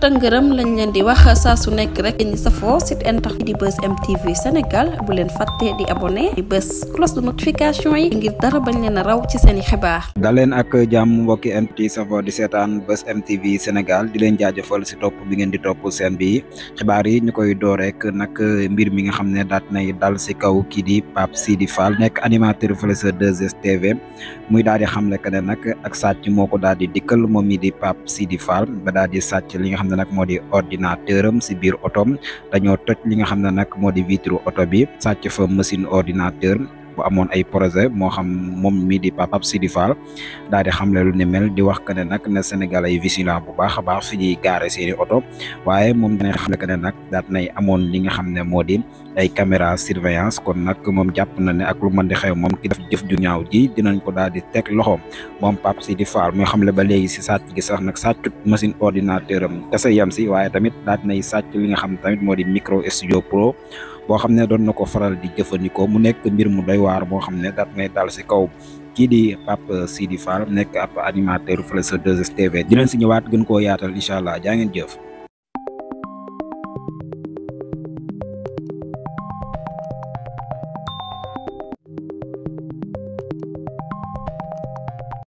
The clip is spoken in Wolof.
tëngërëm lañ leen di wax saa su nekk rek ñi safoo site internet di bës mtv sénégal bu leen fàtte di abonné di bës cloche de notification yi ngir dara bañ leen a raw ci seeni xibaar da leen ak jàmm mbokki mt safoo di seetaan bës mtv sénégal di leen jaajëfal si topp bi ngeen di topp seen bi xibaar yi ñu koy door rek nag mbir mi nga xam ne daat nay dal si kaw kii di pape sidi fall nekk animateur fële sa 2stv muy daal di xamle que ne nag ak sàcc moo ko daal di dikkal moom mi di pape sidi fall ba daal di sàcc li nga xam xam ne nag moo di ordinateur am si biir otom dañoo toj li nga xam ne nag moo di vitre oto bi sàcc fa machine ordinateur bu amoon ay projet moo xam moom mii di Pape Sidi Fall daal di xamle lu ni mel di wax que ne nag na Sénégal ay vigilant bu baax a baax fi ñuy gaare seeni oto waaye moom dina xamle que nag daat nay amoon li nga xam ne moo di ay caméra surveillance kon nag moom jàpp na ne ak lu mën di xew moom ki def jëf ju ñaaw ji dinañ ko daal di teg loxo moom Pape Sidi Fall moo xam le ba léegi si sàcc gi sax nag sàccut machine ordinateur am kese yam si waaye tamit daal di nay sàcc li nga xam ne tamit moo di micro studio pro boo xam ne doon na ko faral di jëfandikoo mu nekk mbir mu doy waar boo xam ne daat nay dal si kaw kii di Pape Sidi Fall nekk ab animateur fële sa 2STV dinañ si ñëwaat gën koo yaatal incha allah jaa ngeen jëf